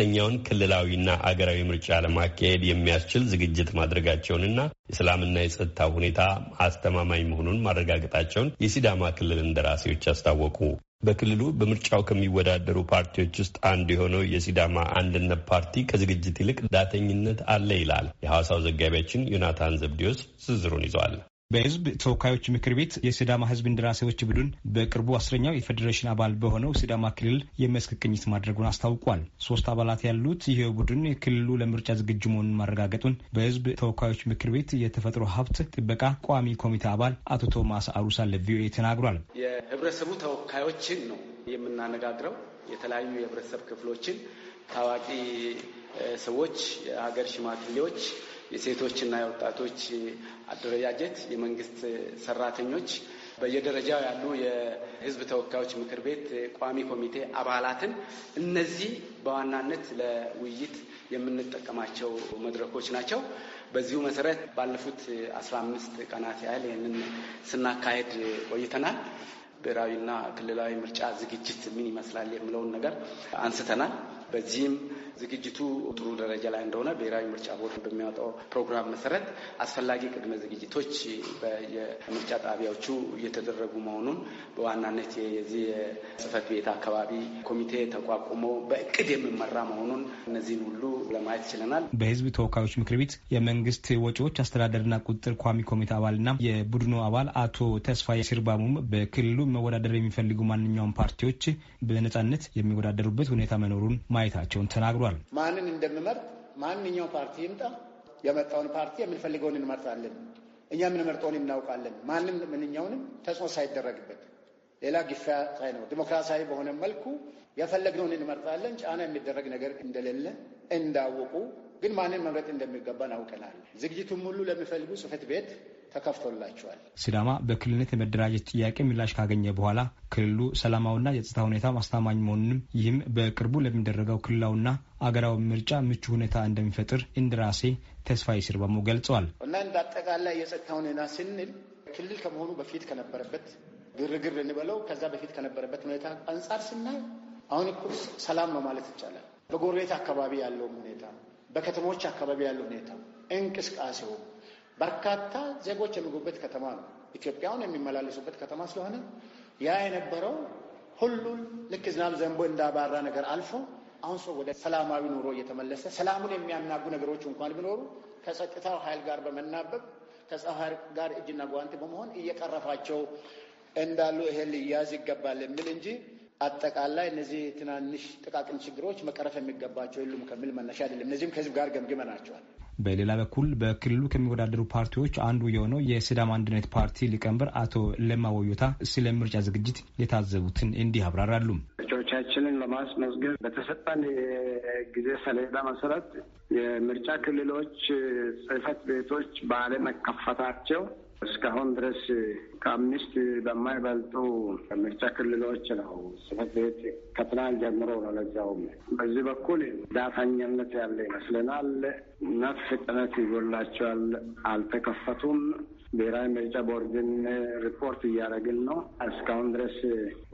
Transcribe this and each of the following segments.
ስድስተኛውን ክልላዊና አገራዊ ምርጫ ለማካሄድ የሚያስችል ዝግጅት ማድረጋቸውንና የሰላምና የጸጥታ ሁኔታ አስተማማኝ መሆኑን ማረጋገጣቸውን የሲዳማ ክልል እንደራሴዎች አስታወቁ። በክልሉ በምርጫው ከሚወዳደሩ ፓርቲዎች ውስጥ አንዱ የሆነው የሲዳማ አንድነት ፓርቲ ከዝግጅት ይልቅ ዳተኝነት አለ ይላል። የሐዋሳው ዘጋቢያችን ዮናታን ዘብዲዮስ ዝርዝሩን ይዟል። በህዝብ ተወካዮች ምክር ቤት የሲዳማ ህዝብ እንደራሴዎች ቡድን በቅርቡ አስረኛው የፌዴሬሽን አባል በሆነው ሲዳማ ክልል የመስክ ቅኝት ማድረጉን አስታውቋል። ሶስት አባላት ያሉት ይህ ቡድን ክልሉ ለምርጫ ዝግጁ መሆኑን ማረጋገጡን በህዝብ ተወካዮች ምክር ቤት የተፈጥሮ ሀብት ጥበቃ ቋሚ ኮሚቴ አባል አቶ ቶማስ አሩሳ ለቪኦኤ ተናግሯል። የህብረተሰቡ ተወካዮችን ነው የምናነጋግረው። የተለያዩ የህብረተሰብ ክፍሎችን ታዋቂ ሰዎች፣ የሀገር ሽማግሌዎች የሴቶችና የወጣቶች አደረጃጀት፣ የመንግስት ሰራተኞች፣ በየደረጃው ያሉ የህዝብ ተወካዮች ምክር ቤት ቋሚ ኮሚቴ አባላትን እነዚህ በዋናነት ለውይይት የምንጠቀማቸው መድረኮች ናቸው። በዚሁ መሰረት ባለፉት አስራ አምስት ቀናት ያህል ይህንን ስናካሄድ ቆይተናል። ብሔራዊና ክልላዊ ምርጫ ዝግጅት ምን ይመስላል የሚለውን ነገር አንስተናል። በዚህም ዝግጅቱ ጥሩ ደረጃ ላይ እንደሆነ ብሔራዊ ምርጫ ቦርድ በሚያወጣው ፕሮግራም መሰረት አስፈላጊ ቅድመ ዝግጅቶች በየምርጫ ጣቢያዎቹ እየተደረጉ መሆኑን በዋናነት የዚህ የጽህፈት ቤት አካባቢ ኮሚቴ ተቋቁሞ በእቅድ የሚመራ መሆኑን እነዚህን ሁሉ ለማየት ችለናል። በህዝብ ተወካዮች ምክር ቤት የመንግስት ወጪዎች አስተዳደርና ቁጥጥር ቋሚ ኮሚቴ አባልና የቡድኑ አባል አቶ ተስፋዬ ሲርባሙም በክልሉ መወዳደር የሚፈልጉ ማንኛውም ፓርቲዎች በነጻነት የሚወዳደሩበት ሁኔታ መኖሩን ማየታቸውን ተናግሯል። ብሏል። ማንን እንደምመርጥ ማንኛው ፓርቲ ይምጣ የመጣውን ፓርቲ የምንፈልገውን እንመርጣለን። እኛ የምንመርጠውን እናውቃለን። ማንም ምንኛውንም ተጽዕኖ ሳይደረግበት ሌላ ግፋ ሳይኖር ዲሞክራሲያዊ በሆነ መልኩ የፈለግነውን እንመርጣለን። ጫና የሚደረግ ነገር እንደሌለ እንዳወቁ ግን ማንን መምረጥ እንደሚገባ እናውቀናል። ዝግጅቱም ሁሉ ለሚፈልጉ ጽህፈት ቤት ተከፍቶላቸዋል። ሲዳማ በክልልነት የመደራጀት ጥያቄ ምላሽ ካገኘ በኋላ ክልሉ ሰላማዊና የጸጥታ ሁኔታ አስተማማኝ መሆኑንም ይህም በቅርቡ ለሚደረገው ክልላውና አገራዊ ምርጫ ምቹ ሁኔታ እንደሚፈጥር እንደራሴ ተስፋዬ ሲርባሙ ገልጸዋል። እና እንዳጠቃላይ የጸጥታ ሁኔታ ስንል ክልል ከመሆኑ በፊት ከነበረበት ግርግር እንበለው ከዛ በፊት ከነበረበት ሁኔታ አንጻር ስናይ አሁን እኩል ሰላም ነው ማለት ይቻላል። በጎረቤት አካባቢ ያለው ሁኔታ፣ በከተሞች አካባቢ ያለው ሁኔታ እንቅስቃሴው በርካታ ዜጎች የሚገቡበት ከተማ ነው። ኢትዮጵያውን የሚመላለሱበት ከተማ ስለሆነ ያ የነበረው ሁሉን ልክ ዝናብ ዘንቦ እንዳባራ ነገር አልፎ አሁን ሰው ወደ ሰላማዊ ኑሮ እየተመለሰ ሰላሙን የሚያናጉ ነገሮች እንኳን ቢኖሩ ከጸጥታው ኃይል ጋር በመናበብ ከፀሐይ ጋር እጅና ጓንት በመሆን እየቀረፋቸው እንዳሉ ይሄ ሊያዝ ይገባል የሚል እንጂ አጠቃላይ እነዚህ ትናንሽ ጥቃቅን ችግሮች መቀረፍ የሚገባቸው የሉም ከሚል መነሻ አይደለም። እነዚህም ከህዝብ ጋር ገምግመናቸዋል። በሌላ በኩል በክልሉ ከሚወዳደሩ ፓርቲዎች አንዱ የሆነው የስዳም አንድነት ፓርቲ ሊቀመንበር አቶ ለማ ወዮታ ስለ ምርጫ ዝግጅት የታዘቡትን እንዲህ አብራራሉ። እጩዎቻችንን ለማስመዝገብ በተሰጠን የጊዜ ሰሌዳ መሰረት የምርጫ ክልሎች ጽህፈት ቤቶች ባለመከፈታቸው እስካሁን ድረስ ከአምስት በማይበልጡ ምርጫ ክልሎች ነው ጽህፈት ቤት ከትናንት ጀምሮ ነው። በዚህ በኩል ዳተኛነት ያለ ይመስለናል እና ፍጥነት ይጎላቸዋል። አልተከፈቱም። ብሔራዊ ምርጫ ቦርድን ሪፖርት እያደረግን ነው። እስካሁን ድረስ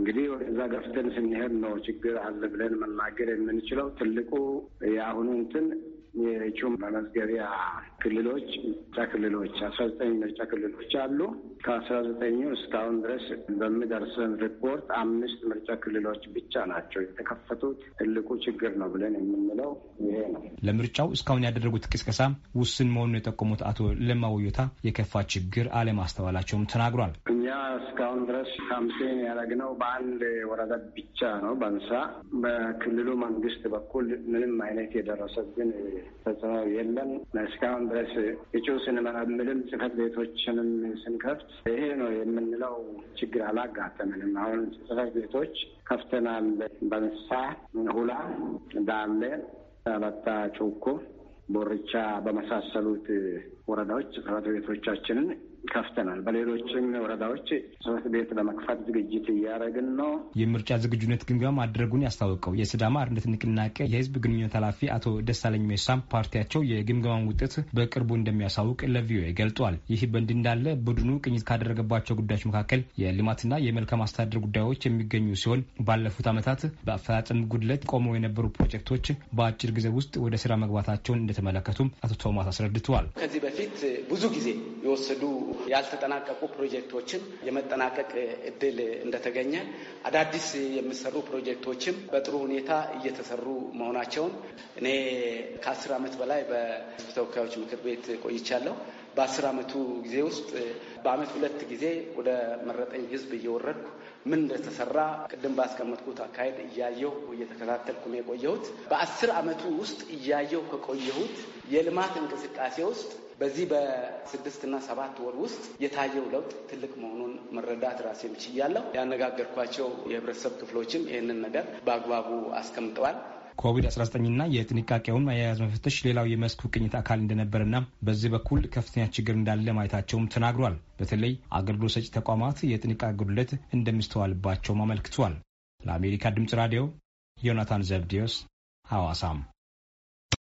እንግዲህ ወደዛ ገፍተን ስንሄድ ነው ችግር አለ ብለን መናገር የምንችለው። ትልቁ የአሁኑ እንትን የእጩ መመዝገቢያ ክልሎች ምርጫ ክልሎች አስራ ዘጠኝ ምርጫ ክልሎች አሉ። ከአስራ ዘጠኙ እስካሁን ድረስ በሚደርሰን ሪፖርት አምስት ምርጫ ክልሎች ብቻ ናቸው የተከፈቱት። ትልቁ ችግር ነው ብለን የምንለው ይሄ ነው። ለምርጫው እስካሁን ያደረጉት ቅስቀሳ ውስን መሆኑን የጠቆሙት አቶ ለማ ወዮታ የከፋ ችግር አለማስተዋላቸውም ተናግሯል። እስካሁን ድረስ ካምፔን ያደረግነው በአንድ ወረዳ ብቻ ነው፣ በንሳ። በክልሉ መንግስት በኩል ምንም አይነት የደረሰብን ተጽዕኖ የለም። እስካሁን ድረስ እጩ ስንመረምልም ጽህፈት ቤቶችንም ስንከፍት ይሄ ነው የምንለው ችግር አላጋጠምንም። አሁን ጽህፈት ቤቶች ከፍተናል። በንሳ፣ ሁላ፣ ዳሌ፣ አለታ ጩኮ ቦርቻ በመሳሰሉት ወረዳዎች ጽህፈት ቤቶቻችንን ከፍተናል። በሌሎችም ወረዳዎች ሶስት ቤት በመክፈት ዝግጅት እያደረግን ነው። የምርጫ ዝግጁነት ግምገማ ማድረጉን ያስታወቀው የስዳማ አርነት ንቅናቄ የህዝብ ግንኙነት ኃላፊ አቶ ደሳለኝ ሜሳም ፓርቲያቸው የግምገማን ውጤት በቅርቡ እንደሚያሳውቅ ለቪኦኤ ገልጧል። ይህ በእንዲህ እንዳለ ቡድኑ ቅኝት ካደረገባቸው ጉዳዮች መካከል የልማትና የመልካም አስተዳደር ጉዳዮች የሚገኙ ሲሆን ባለፉት ዓመታት በአፈጻጸም ጉድለት ቆመው የነበሩ ፕሮጀክቶች በአጭር ጊዜ ውስጥ ወደ ስራ መግባታቸውን እንደተመለከቱም አቶ ቶማስ አስረድተዋል። ከዚህ በፊት ብዙ ጊዜ የወሰዱ ያልተጠናቀቁ ፕሮጀክቶችን የመጠናቀቅ እድል እንደተገኘ፣ አዳዲስ የሚሰሩ ፕሮጀክቶችም በጥሩ ሁኔታ እየተሰሩ መሆናቸውን እኔ ከአስር ዓመት በላይ በህዝብ ተወካዮች ምክር ቤት ቆይቻለሁ። በአስር ዓመቱ ጊዜ ውስጥ በአመት ሁለት ጊዜ ወደ መረጠኝ ህዝብ እየወረድኩ ምን እንደተሰራ ቅድም ባስቀመጥኩት አካሄድ እያየሁ እየተከታተልኩ ነው የቆየሁት። በአስር ዓመቱ ውስጥ እያየሁ ከቆየሁት የልማት እንቅስቃሴ ውስጥ በዚህ በስድስት እና ሰባት ወር ውስጥ የታየው ለውጥ ትልቅ መሆኑን መረዳት ራሴም ችያለሁ። ያነጋገርኳቸው የህብረተሰብ ክፍሎችም ይህንን ነገር በአግባቡ አስቀምጠዋል። ኮቪድ-19ና የጥንቃቄውን አያያዝ መፈተሽ ሌላው የመስኩ ቅኝት አካል እንደነበረና በዚህ በኩል ከፍተኛ ችግር እንዳለ ማየታቸውም ተናግሯል። በተለይ አገልግሎት ሰጪ ተቋማት የጥንቃቄ ጉድለት እንደሚስተዋልባቸውም አመልክቷል። ለአሜሪካ ድምፅ ራዲዮ ዮናታን ዘብዲዮስ ሐዋሳም